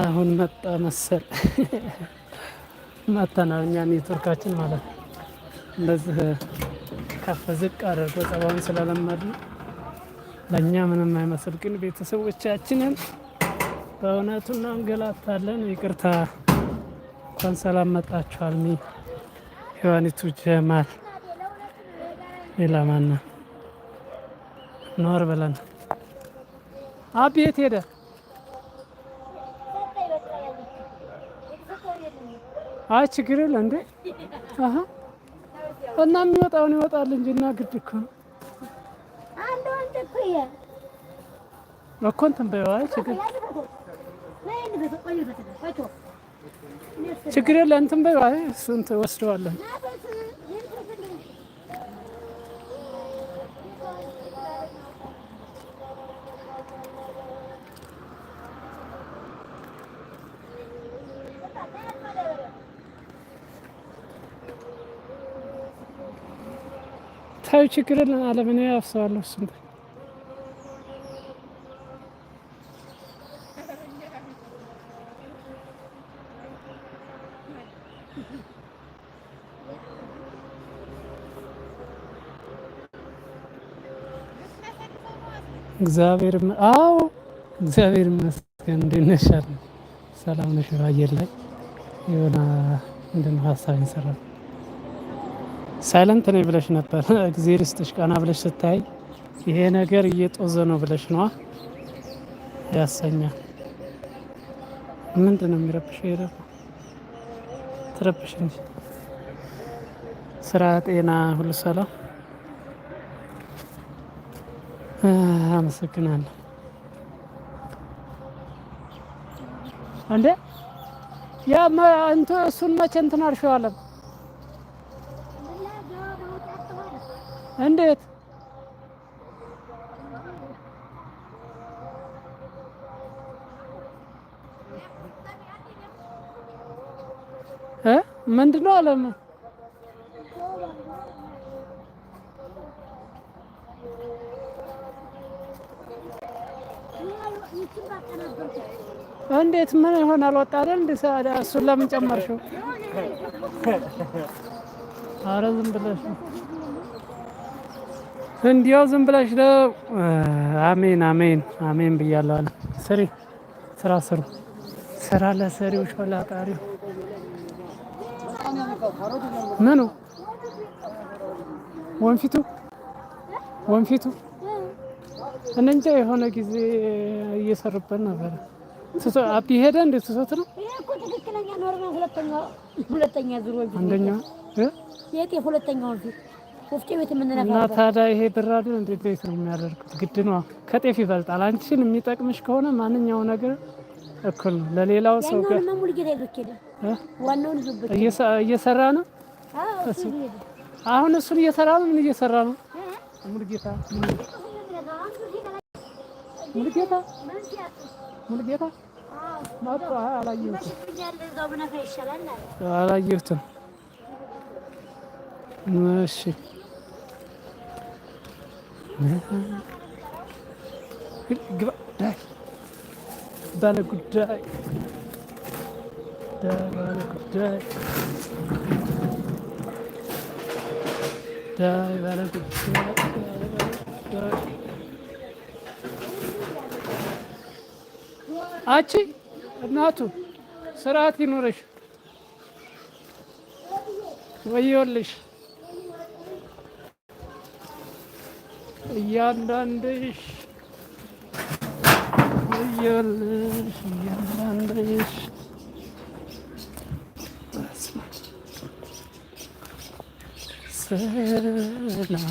አሁን መጣ መሰል መተናል። እኛ ኔትወርካችን ማለት ነው እንደዚህ ከፍ ዝቅ አድርጎ ጸባውን ስለለመዱ ለእኛ ምንም አይመስል፣ ግን ቤተሰቦቻችንን በእውነቱ እናንገላታለን። ይቅርታ። እንኳን ሰላም መጣችኋል። ሚ ሔዋኒቱ ጀማል ሌላማና ማና ኖር ብለን አቤት ሄደ አይ ችግር የለ እንዴ እና የሚወጣውን ይወጣል እንጂ እና ግድ እኮ እኮ እንትን በይው። አይ ችግር ችግር የለ እንትን በይው። አይ እሱን ወስደዋለን ሰው ችግር አለም እኔ አፍሰዋለሁ እሱን እግዚአብሔር አዎ፣ እግዚአብሔር ይመስገን። እንዴት ነሽ? ሰላም ነሽ? አየር ላይ የሆነ ምንድን ነው ሀሳብ ይሰራል ሳይለንት ነኝ ብለሽ ነበር። እግዜር ይስጥሽ። ቀና ብለሽ ስታይ ይሄ ነገር እየጦዘ ነው ብለሽ ነዋ ያሰኛል። ምንድን ነው የሚረብሸው? ይረብ ትረብሽ እንጂ ስራ፣ ጤና ሁሉ ሰላም። አመሰግናለሁ። እንዴ ያ እሱን መቼ እንትን አርሸዋለን እንዴት እ ምንድነው አለም እንዴት ምን ይሆናል? ወጣ አይደል እንደ እሱን ለምን ጨመርሽው? አረ ዝም ብለሽ እንዲያው ዝም ብለሽ ነው። አሜን አሜን አሜን ብያለሁ። አለ ስሪ ስራ ስሩ ስራ ለሰሪዎች ፈላጣሪ ምኑ ወንፊቱ ወንፊቱ እንንጃ የሆነ ጊዜ እየሰሩበት ነበረ። አቢ ሄደ እንደ ትቶት ነው ትክክለኛ ሁለተኛ ዙር ወንፊት አንደኛ የጤፍ ሁለተኛ ወንፊት ወፍጮ ቤት የምንለፋ እና ታዲያ ይሄ ብራዱ እንዴት ቤት ነው የሚያደርጉት? ግድ ነዋ። ከጤፍ ይበልጣል። አንቺን የሚጠቅምሽ ከሆነ ማንኛው ነገር እኩል ነው። ለሌላው ሰው ጋር እየሰራ ነው። አሁን እሱን እየሰራ ነው። ምን እየሰራ ነው? ሙልጌታ ሙልጌታ ሙልጌታ አላየሁትም። ماشي قبا داي دانا قداي دانا قداي داي دانا قداي داي አቺ እናቱ ስርዓት ይኑርሽ ወዮልሽ እያንዳንድሽ እያለሽ እያንዳንድሽ ሰላም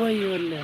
¡Ay, vale!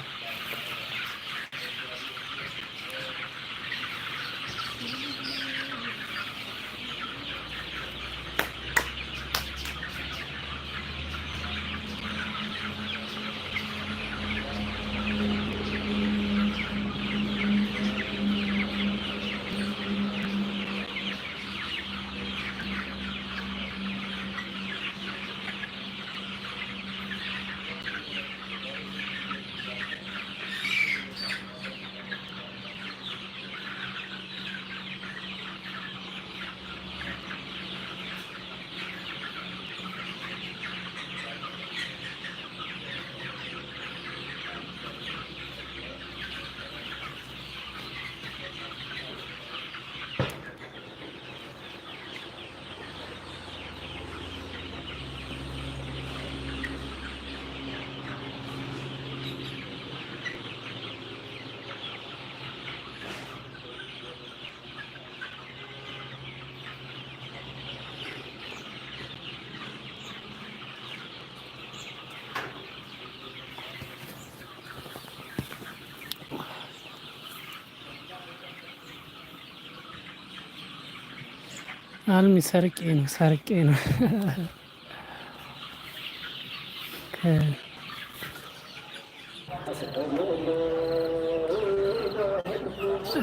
አልሚ ሰርቄ ነው ሰርቄ ነው።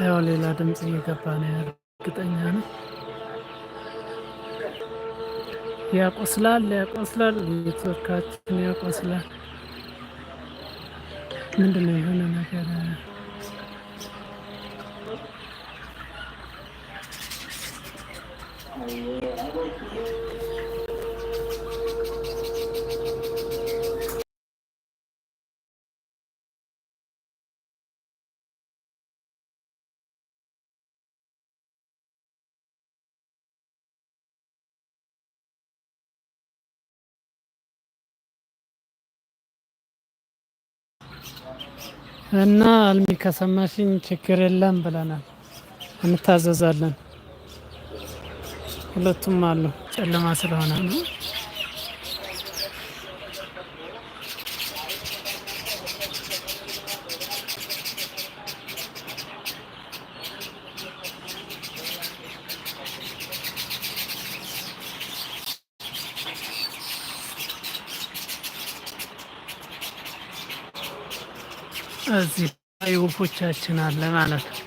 ያው ሌላ ድምፅ እየገባ ነው፣ እርግጠኛ ነው። ያቆስላል ያቆስላል፣ ኔትወርካችን ያቆስላል። ምንድነው የሆነ ነገር እና አልሚ ከሰማሽኝ ችግር የለም ብለናል፣ እንታዘዛለን። ሁለቱም አሉ ጨለማ ስለሆነ እዚህ ላይ ወፎቻችን አለ ማለት ነው።